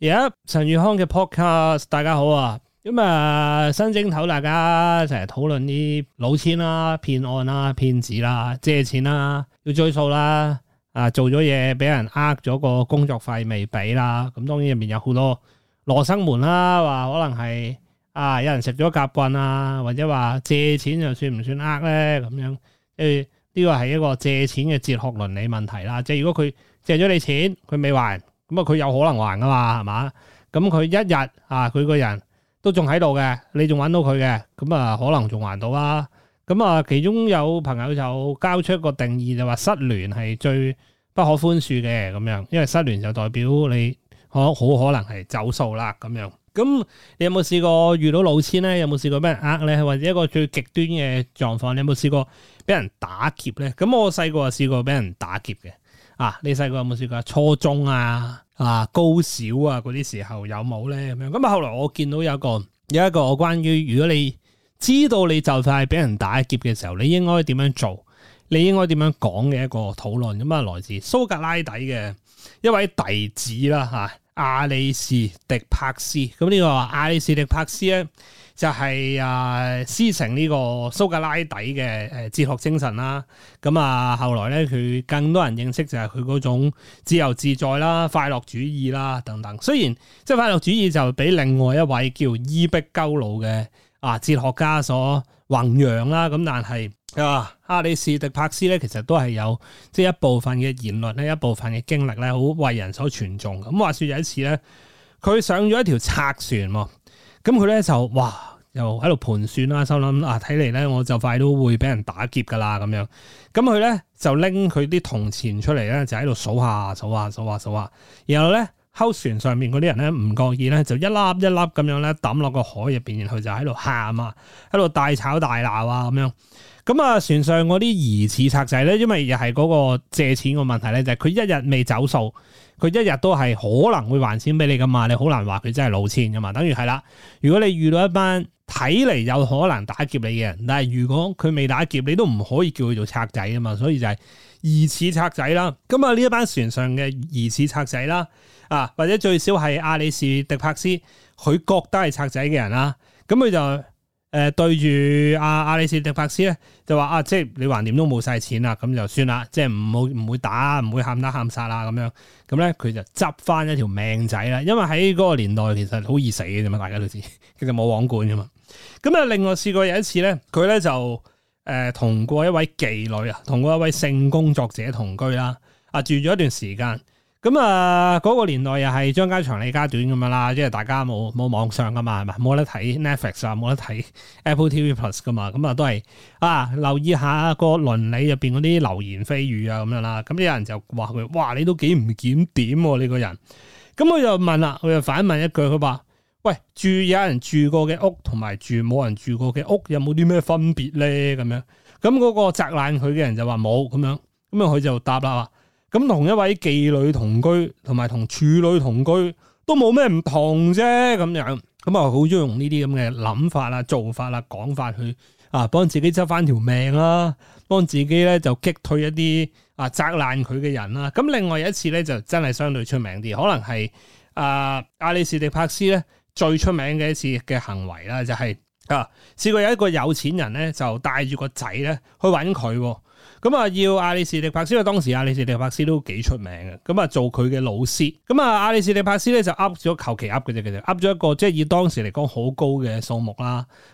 而家、yep, 陳宇康嘅 podcast，大家好啊！咁啊，新正頭大家成日討論啲老千啦、騙案啦、騙子啦、借錢啦、要追數啦啊，做咗嘢俾人呃咗個工作費未俾啦，咁當然入面有好多羅生門啦，話可能係啊有人食咗夾棍啊，或者話借錢又算唔算呃咧咁樣？誒、欸，呢個係一個借錢嘅哲學倫理問題啦。即係如果佢借咗你錢，佢未還，還。咁啊，佢有可能還噶嘛，係嘛？咁佢一日啊，佢個人都仲喺度嘅，你仲揾到佢嘅，咁啊，可能仲還，還到啦。咁啊，其中有朋友就交出一個定義，就話、是、失聯係最不可寬恕嘅咁樣，因為失聯就代表你可好可能係走數啦咁樣。咁你有冇試過遇到老千咧？有冇試過俾人呃咧？或者一個最極端嘅狀況，你有冇試過俾人打劫咧？咁我細個啊試過俾人打劫嘅。啊！你細個有冇試過？初中啊，啊高小啊嗰啲時候有冇咧咁樣？咁啊，後來我見到有一個，有一個關於如果你知道你就快俾人打劫嘅時候，你應該點樣做？你應該點樣講嘅一個討論咁啊，來自蘇格拉底嘅一位弟子啦吓。啊阿里士狄帕斯，咁呢個阿里士狄帕斯咧，就係啊師承呢個蘇格拉底嘅誒哲學精神啦，咁啊後來咧佢更多人認識就係佢嗰種自由自在啦、快樂主義啦等等。雖然即係快樂主義就俾另外一位叫伊壁鳩魯嘅啊哲學家所弘揚啦，咁但係。啊，阿里士迪帕斯咧，其實都係有即係一部分嘅言論咧，一部分嘅經歷咧，好為人所傳頌。咁話說有一次咧，佢上咗一條賊船喎，咁佢咧就哇，又喺度盤算啦，心諗啊，睇嚟咧我就快都會俾人打劫噶啦咁樣，咁佢咧就拎佢啲銅錢出嚟咧，就喺度數下數下數下數下，數下，然後咧。艘船上面嗰啲人咧唔覺意咧，就一粒一粒咁樣咧抌落個海入邊，然後就喺度喊啊，喺度大吵大鬧啊咁樣。咁、嗯、啊，船上嗰啲疑似賊仔咧，因為又係嗰個借錢嘅問題咧，就係、是、佢一日未走數，佢一日都係可能會還錢俾你噶嘛，你好難話佢真係老千噶嘛。等於係啦，如果你遇到一班。睇嚟有可能打劫你嘅人，但係如果佢未打劫你，你都唔可以叫佢做賊仔啊嘛，所以就係疑似賊仔啦。咁啊呢一班船上嘅疑似賊仔啦，啊或者最少係阿里士迪帕斯，佢覺得係賊仔嘅人啦，咁、嗯、佢就。誒、呃，對住阿阿里士迪帕斯咧，就話啊，即係你橫掂都冇晒錢啦，咁就算啦，即係唔冇唔會打，唔會喊打喊殺啦，咁樣，咁咧佢就執翻一條命仔啦，因為喺嗰個年代其實好易死嘅，咁啊大家都知，其實冇網管噶嘛。咁啊，另外試過有一次咧，佢咧就誒、呃、同過一位妓女啊，同過一位性工作者同居啦，啊住咗一段時間。咁啊，嗰個年代又係張家長李家短咁樣啦，即係大家冇冇網上噶嘛，係咪冇得睇 Netflix 啊，冇得睇 Apple TV Plus 噶嘛，咁啊都係啊，留意下個倫理入邊嗰啲流言蜚語啊，咁樣啦。咁有人就話佢，哇，你都幾唔檢點喎、啊，呢個人。咁我就問啦，佢就反問一句，佢話：喂，住有人住過嘅屋，同埋住冇人住過嘅屋有有，有冇啲咩分別咧？咁樣。咁、那、嗰個責難佢嘅人就話冇，咁樣。咁啊，佢就答啦。咁同一位妓女同居，同埋同處女同居都冇咩唔同啫，咁樣。咁啊，好中意用呢啲咁嘅諗法啦、做法啦、講法去啊，幫自己執翻條命啦、啊，幫自己咧就擊退一啲啊責爛佢嘅人啦、啊。咁另外有一次咧，就真係相對出名啲，可能係啊阿里士迪帕斯咧最出名嘅一次嘅行為啦、就是，就係。啊！試過有一個有錢人咧，就帶住個仔咧去揾佢、啊，咁啊要阿里士迪柏斯，因為當時阿里士迪柏斯都幾出名嘅，咁啊做佢嘅老師，咁啊阿里士迪柏斯咧就噏咗求其噏嘅啫，其實噏咗一個即係以當時嚟講好高嘅數目啦。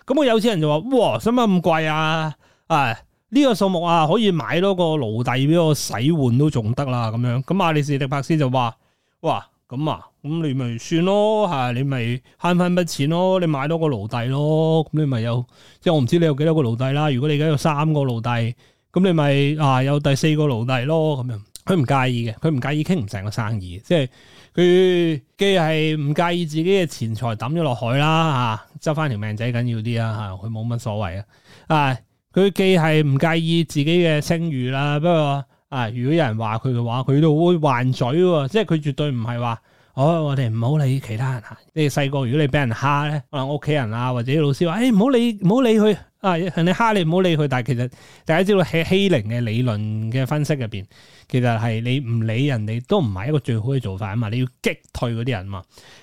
咁、啊個有錢人就話：，哇，使乜咁貴啊？啊，呢、個數目啊可以買多個奴隸俾我使換都仲得啦。咁、啊、樣，咁阿里士迪柏斯就話：，哇！咁啊，咁你咪算咯，係你咪慳翻筆錢咯，你買多個奴隸咯，咁、嗯、你咪有，即係我唔知你有幾多個奴隸啦。如果你而家有三個奴隸，咁你咪啊有第四個奴隸咯，咁樣佢唔介意嘅，佢唔介意傾唔成個生意，即係佢既係唔介意自己嘅錢財抌咗落海啦，吓執翻條命仔緊要啲啊，吓佢冇乜所謂啊，啊佢既係唔介意自己嘅聲譽啦，不、啊、過。啊！如果有人話佢嘅話，佢都會還嘴喎，即係佢絕對唔係話，哦，我哋唔好理其他人啊！你哋細個如果你俾人蝦咧，可能屋企人啊或者老師話，誒唔好理，唔好理佢啊，人哋蝦你唔好理佢。但係其實大家知道喺欺凌嘅理論嘅分析入邊，其實係你唔理人哋都唔係一個最好嘅做法啊嘛，你要擊退嗰啲人嘛。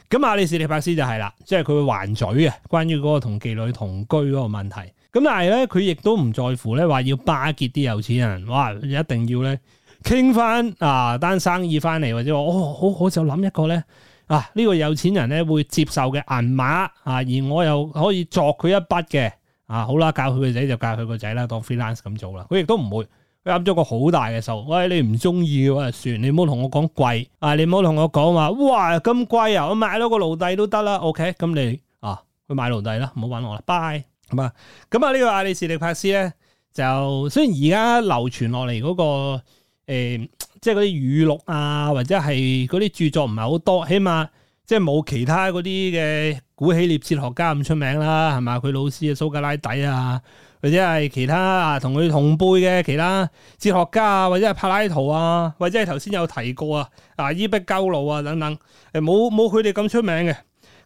咁阿里士李柏斯就係啦，即係佢會還嘴呀，關於嗰個同妓女同居嗰個問題。咁但係咧，佢亦都唔在乎咧，話要巴結啲有錢人，哇！一定要咧，傾翻啊單生意翻嚟，或者我哦，好好就諗一個咧，啊呢、這個有錢人咧會接受嘅銀碼啊，而我又可以作佢一筆嘅啊，好啦，教佢個仔就教佢個仔啦，當 freelance 咁做啦。佢亦都唔會，佢噏咗個好大嘅數。喂，你唔中意嘅話，算，你唔好同我講貴啊，你唔好同我講話，哇咁貴啊，我買多個奴隸都得啦、啊。OK，咁、嗯、你啊去買奴隸啦，唔好搵我啦，拜，拜。咁啊，咁啊，呢個阿里士迪帕斯咧，就雖然而家流傳落嚟嗰個誒，即係嗰啲語錄啊，或者係嗰啲著作唔係好多，起碼即係冇其他嗰啲嘅古希臘哲學家咁出名啦，係嘛？佢老師蘇格拉底啊，或者係其他啊，同佢同輩嘅其他哲學家啊，或者係柏拉圖啊，或者係頭先有提過啊，伊比啊伊壁鳩魯啊等等，誒冇冇佢哋咁出名嘅，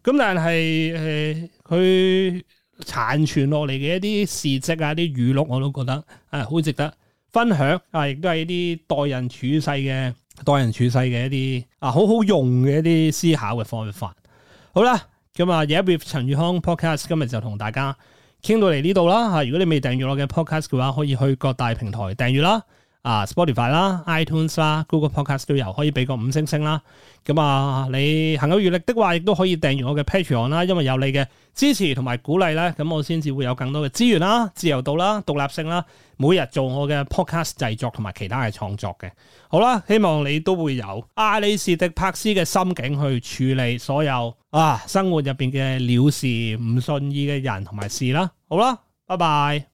咁但係誒佢。呃殘存落嚟嘅一啲事跡啊，啲語錄我都覺得啊，好值得分享啊，亦都係一啲待人處世嘅待人處世嘅一啲啊，好好用嘅一啲思考嘅方法。好啦，咁、嗯、啊，嘢一月陳宇康 podcast 今日就同大家傾到嚟呢度啦嚇。如果你未訂閱我嘅 podcast 嘅話，可以去各大平台訂閱啦。啊，Spotify 啦，iTunes 啦，Google Podcast 都有，可以俾個五星星啦。咁啊，你行有餘力的話，亦都可以訂閱我嘅 Patreon 啦，因為有你嘅支持同埋鼓勵啦。咁我先至會有更多嘅資源啦、自由度啦、獨立性啦，每日做我嘅 podcast 製作同埋其他嘅創作嘅。好啦，希望你都會有阿里士迪帕斯嘅心境去處理所有啊生活入邊嘅了事唔順意嘅人同埋事啦。好啦，拜拜。